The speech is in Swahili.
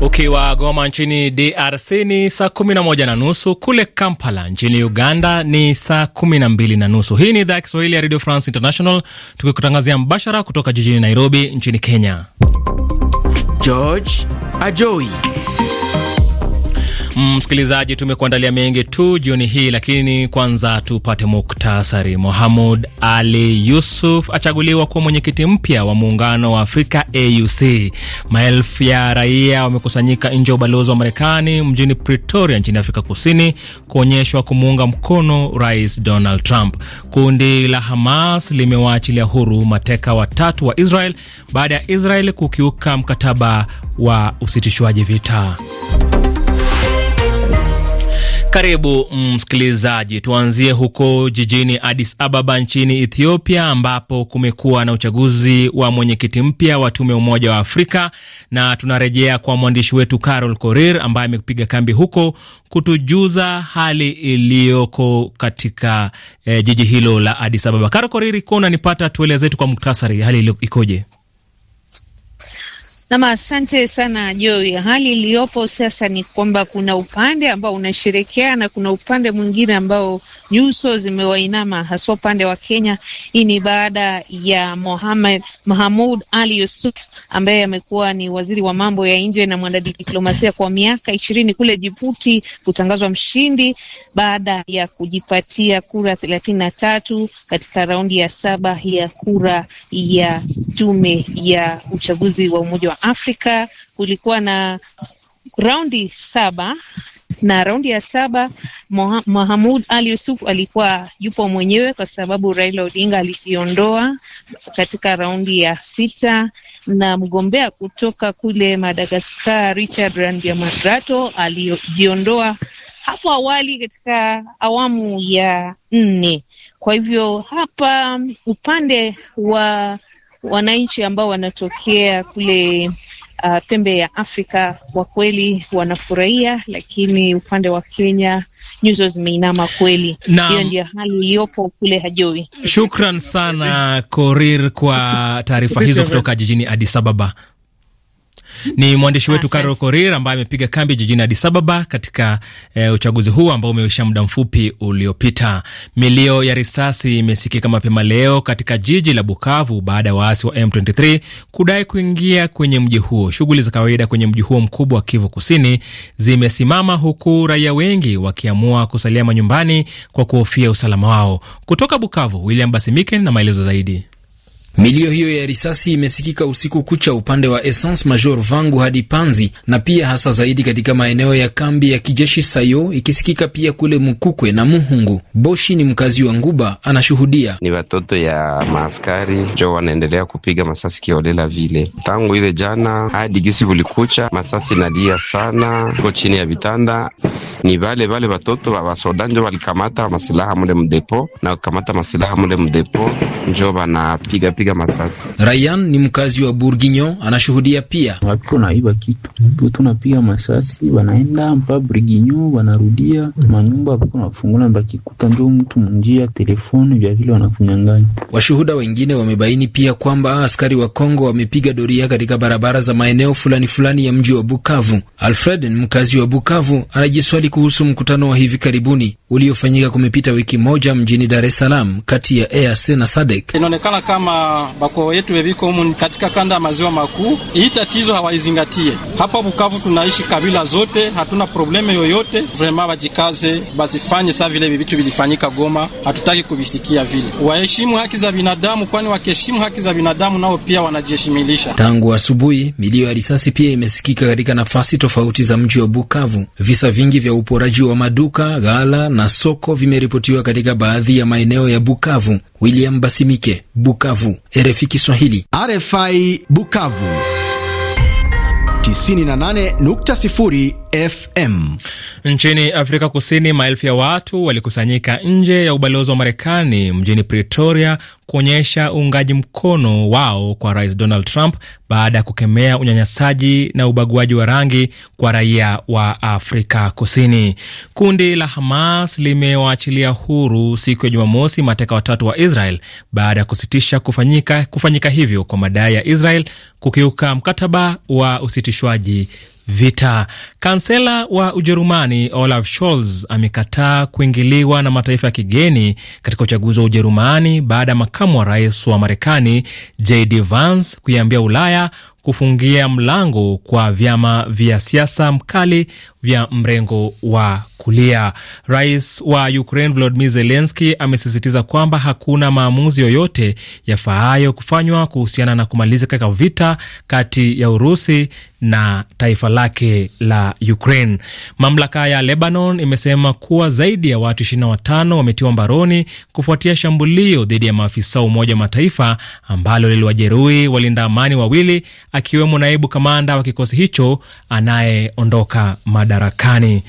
Ukiwa okay, Goma nchini DRC ni saa kumi na moja na nusu kule Kampala nchini Uganda ni saa kumi na mbili na nusu Hii ni idhaa ya Kiswahili ya Radio France International tukikutangazia mbashara kutoka jijini Nairobi nchini Kenya. George Ajoi Mm, msikilizaji, tumekuandalia mengi tu jioni hii, lakini kwanza tupate muktasari. Mohamud Ali Yusuf achaguliwa kuwa mwenyekiti mpya wa muungano wa Afrika AUC. Maelfu ya raia wamekusanyika nje ya ubalozi wa Marekani mjini Pretoria nchini Afrika Kusini kuonyeshwa kumuunga mkono Rais Donald Trump. Kundi la Hamas limewaachilia huru mateka watatu wa Israel baada ya Israel kukiuka mkataba wa usitishwaji vita. Karibu mm, msikilizaji, tuanzie huko jijini Addis Ababa nchini Ethiopia, ambapo kumekuwa na uchaguzi wa mwenyekiti mpya wa tume Umoja wa Afrika, na tunarejea kwa mwandishi wetu Carol Korir ambaye amepiga kambi huko kutujuza hali iliyoko katika eh, jiji hilo la Addis Ababa. Carol Korir, uko unanipata? Tueleze tu kwa muktasari hali ikoje? Nam, asante sana Joi. Hali iliyopo sasa ni kwamba kuna upande ambao unasherekea na kuna upande mwingine ambao nyuso zimewainama, haswa upande wa Kenya. Hii ni baada ya Mohamed Mahamud Ali Yusuf ambaye amekuwa ni waziri wa mambo ya nje na mwanadiplomasia kwa miaka ishirini kule Jibuti kutangazwa mshindi baada ya kujipatia kura thelathini na tatu katika raundi ya saba ya kura ya tume ya uchaguzi wa Umoja wa Afrika kulikuwa na raundi saba na raundi ya saba Mahamud Ali Yusuf alikuwa yupo mwenyewe kwa sababu Raila Odinga alijiondoa katika raundi ya sita, na mgombea kutoka kule Madagaskar Richard Randyamadrato alijiondoa hapo awali katika awamu ya nne. Kwa hivyo hapa upande wa wananchi ambao wanatokea kule uh, pembe ya Afrika kwa kweli wanafurahia, lakini upande wa Kenya nyuso zimeinama kweli. Hiyo ndio hali iliyopo kule Hajoi. Shukran sana Korir kwa taarifa hizo kutoka jijini Addis Ababa. Ni mwandishi wetu Carol Korir ambaye amepiga kambi jijini Addis Ababa katika e, uchaguzi huu ambao umeisha muda mfupi uliopita. Milio ya risasi imesikika mapema leo katika jiji la Bukavu baada ya waasi wa M23 kudai kuingia kwenye mji huo. Shughuli za kawaida kwenye mji huo mkubwa wa Kivu Kusini zimesimama huku raia wengi wakiamua kusalia manyumbani kwa kuhofia usalama wao. Kutoka Bukavu, William Basimiken na maelezo zaidi. Milio hiyo ya risasi imesikika usiku kucha upande wa Essence Major Vangu hadi Panzi na pia hasa zaidi katika maeneo ya kambi ya kijeshi Sayo, ikisikika pia kule Mukukwe na Muhungu. Boshi ni mkazi wa Nguba, anashuhudia. Ni watoto ya maaskari jo wanaendelea kupiga masasi kiolela vile, tangu ile jana hadi gisi kulikucha, masasi nalia sana, tuko chini ya vitanda ni vale vale watoto wasoda njo walikamata masilaha mule mdepo, na wakamata masilaha mule mdepo njo wanapigapiga masasi. ryan ni mkazi wa Bourguignon, anashuhudia pia watu naiba kitu, tunapiga masasi, wanaenda mpa Bourguignon, wanarudia manyumba hapo nafungula, bakikuta njo mtu munjia telefoni vya vile wanakunyang'anya. Washuhuda wengine wamebaini pia kwamba askari wa Kongo wamepiga doria katika barabara za maeneo fulani fulani ya mji wa Bukavu. Alfred ni mkazi wa Bukavu, anajiswali kuhusu mkutano wa hivi karibuni uliofanyika kumepita wiki moja mjini Dar es Salaam kati ya EAC na SADC. Inaonekana kama bako yetu weviko humu katika kanda ya maziwa makuu, hii tatizo hawaizingatie. Hapa Bukavu tunaishi kabila zote, hatuna probleme yoyote. Vrema wajikaze, basifanye saa vile vitu vilifanyika Goma, hatutaki kuvisikia vile. Waheshimu haki za binadamu, kwani wakiheshimu haki za binadamu nao pia wanajiheshimilisha. Tangu asubuhi milio ya risasi pia imesikika katika nafasi tofauti za mji wa Bukavu. Visa vingi vya uporaji wa maduka, ghala na soko vimeripotiwa katika baadhi ya maeneo ya Bukavu. William Basimike, Bukavu, RFI Kiswahili. RFI Bukavu 98.0 FM. Nchini Afrika Kusini, maelfu ya watu walikusanyika nje ya ubalozi wa Marekani mjini Pretoria kuonyesha uungaji mkono wao kwa Rais Donald Trump baada ya kukemea unyanyasaji na ubaguaji wa rangi kwa raia wa Afrika Kusini. Kundi la Hamas limewaachilia huru siku ya Jumamosi mateka watatu wa Israel baada ya kusitisha kufanyika, kufanyika hivyo kwa madai ya Israel kukiuka mkataba wa usitishwaji vita. Kansela wa Ujerumani Olaf Scholz amekataa kuingiliwa na mataifa ya kigeni katika uchaguzi wa Ujerumani baada ya makamu wa rais wa Marekani JD Vance kuiambia Ulaya kufungia mlango kwa vyama vya siasa mkali vya mrengo wa kulia. Rais wa Ukraine Volodymyr Zelensky amesisitiza kwamba hakuna maamuzi yoyote yafaayo kufanywa kuhusiana na kumalizika kwa vita kati ya Urusi na taifa lake la Ukraine. Mamlaka ya Lebanon imesema kuwa zaidi ya watu 25 wametiwa mbaroni kufuatia shambulio dhidi ya maafisa wa Umoja wa Mataifa ambalo liliwajeruhi walinda amani wawili akiwemo naibu kamanda wa kikosi hicho anayeondoka madarakani.